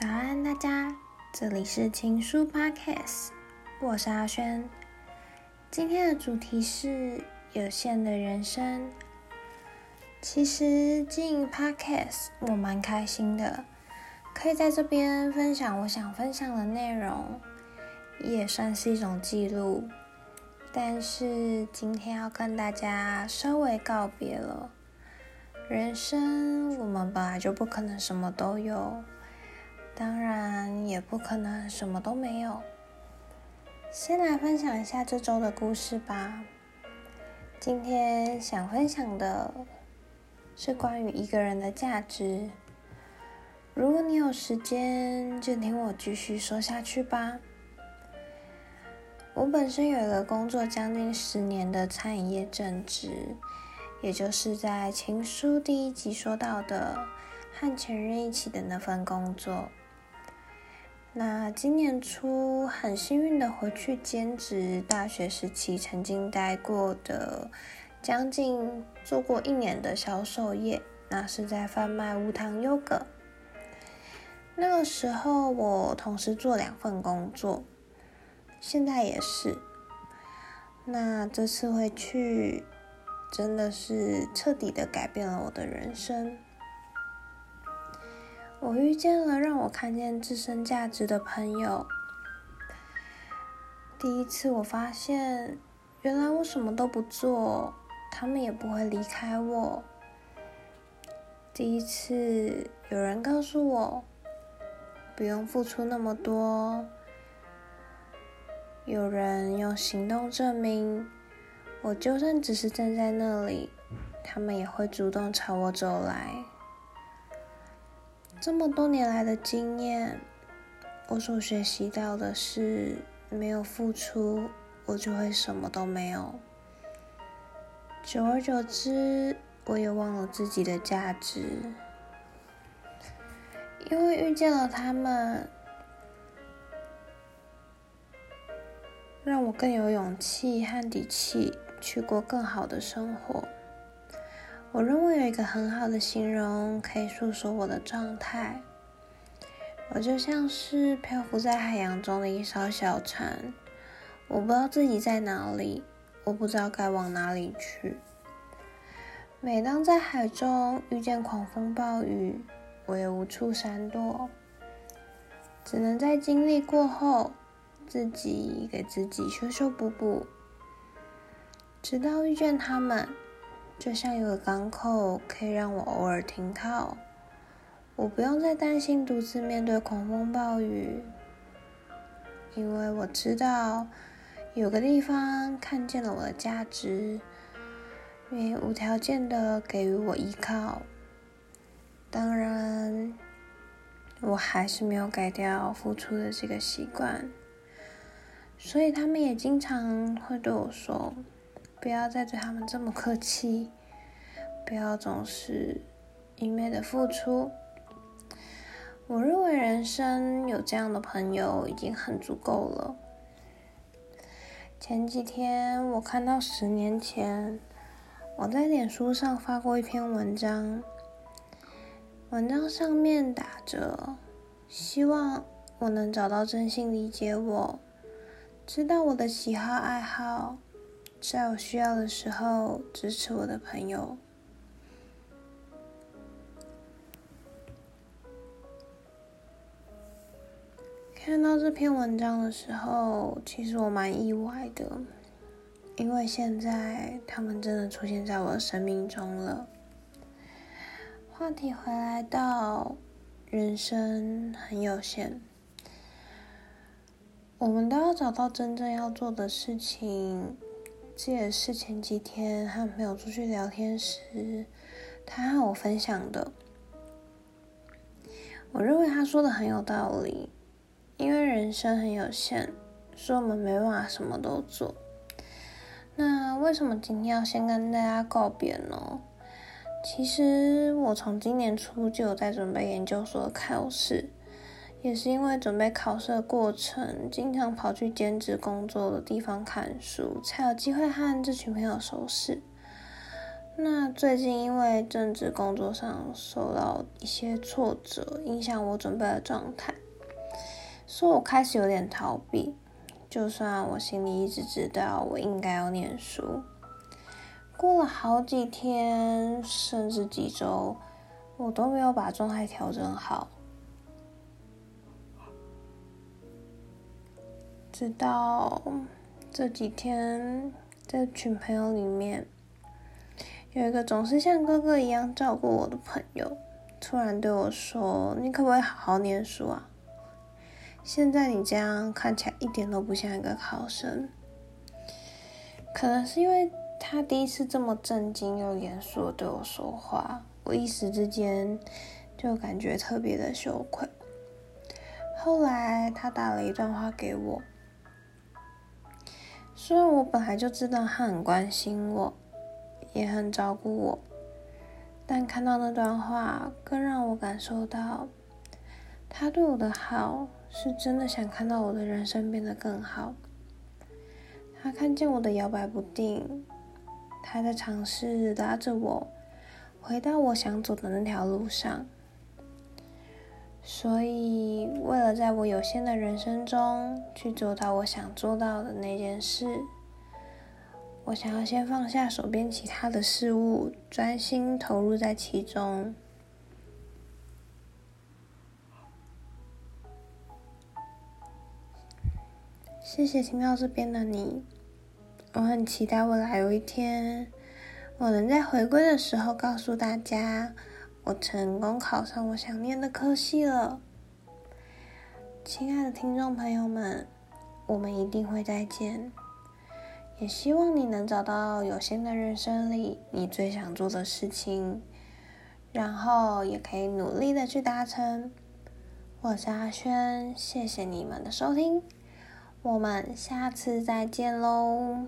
早安，大家！這裡是情書 Podcast，我是阿軒。今天的主題是有限的人生。其實經營 Podcast 我蠻開心的，可以在這邊分享我想分享的內容，也算是一種記錄。但是今天要跟大家稍微告別了。人生我們本來就不可能什麼都有。當然也不可能什麼都沒有。先來分享一下這周的故事吧。今天想分享的是關於一個人的價值。如果你有時間，就聽我繼續說下去吧。我本身有一個工作將近十年的餐飲業正職，也就是在《情書》第一集說到的和前任一起的那份工作。那今年初很幸運的回去兼職，大學時期曾經待過的，將近做過一年的銷售業，那是在販賣無糖優格。那個時候我同時做兩份工作，現在也是。那這次回去真的是徹底的改變了我的人生。我遇見了讓我看見自身價值的朋友。第一次我發現，原來我什麼都不做，他們也不會離開我。第一次有人告訴我，不用付出那麼多。有人用行動證明，我就算只是站在那裡，他們也會主動朝我走來。這麼多年來的經驗，我所學習到的是，沒有付出，我就會什麼都沒有。久而久之，我也忘了自己的價值。因為遇見了他們，讓我更有勇氣和底氣去過更好的生活。我認為有一個很好的形容可以訴說我的狀態，我就像是漂浮在海洋中的一艘小船，我不知道自己在哪裡，我不知道該往哪裡去。每當在海中遇見狂風暴雨，我也無處閃躲，只能在經歷過後，自己給自己修修補補，直到遇見他們。就像有個港口，可以讓我偶爾停靠。我不用再擔心獨自面對狂風暴雨，因為我知道有個地方看見了我的價值，願意無條件的給予我依靠。當然，我還是沒有改掉付出的這個習慣，所以他們也經常會對我說。不要再對他們這麼客氣，不要總是一味的付出。我認為人生有這樣的朋友已經很足夠了。前幾天我看到十年前我在臉書上發過一篇文章，文章上面打着希望我能找到真心理解我、知道我的喜好愛好。在我需要的時候，支持我的朋友。看到這篇文章的時候，其實我蠻意外的，因為現在他們真的出現在我的生命中了。話題回來到，人生很有限，我們都要找到真正要做的事情。這也是前幾天和朋友出去聊天時，他和我分享的。我認為他說的很有道理，因為人生很有限，所以我們沒辦法什麼都做。那為什麼今天要先跟大家告別呢？其實我從今年初就有在準備研究所的考試。也是因為準備考試的過程，經常跑去兼職工作的地方看書，才有機會和這群朋友熟識。那最近因為正職工作上受到一些挫折，影響我準備的狀態，所以我開始有點逃避。就算我心裡一直知道我應該要念書，過了好幾天甚至幾週，我都沒有把狀態調整好。直到這幾天，在群朋友裡面，有一個總是像哥哥一樣照顧我的朋友，突然對我說：“你可不可以好好念書啊？現在你這樣看起來一點都不像一個考生。”可能是因為他第一次這麼震驚又嚴肅的對我說話，我一時之間就感覺特別的羞愧。後來他打了一段話給我。雖然我本來就知道他很關心我，也很照顧我，但看到那段話，更讓我感受到他對我的好，是真的想看到我的人生變得更好。他看見我的搖擺不定，他在嘗試拉着我回到我想走的那條路上。所以，為了在我有限的人生中去做到我想做到的那件事，我想要先放下手邊其他的事物，專心投入在其中。謝謝聽到這邊的你，我很期待未來有一天，我能在回歸的時候告訴大家。我成功考上我想念的科系了，親愛的聽眾朋友們，我們一定會再見，也希望你能找到有限的人生裡你最想做的事情，然後也可以努力的去達成。我是阿軒，謝謝你們的收聽，我們下次再見嘍。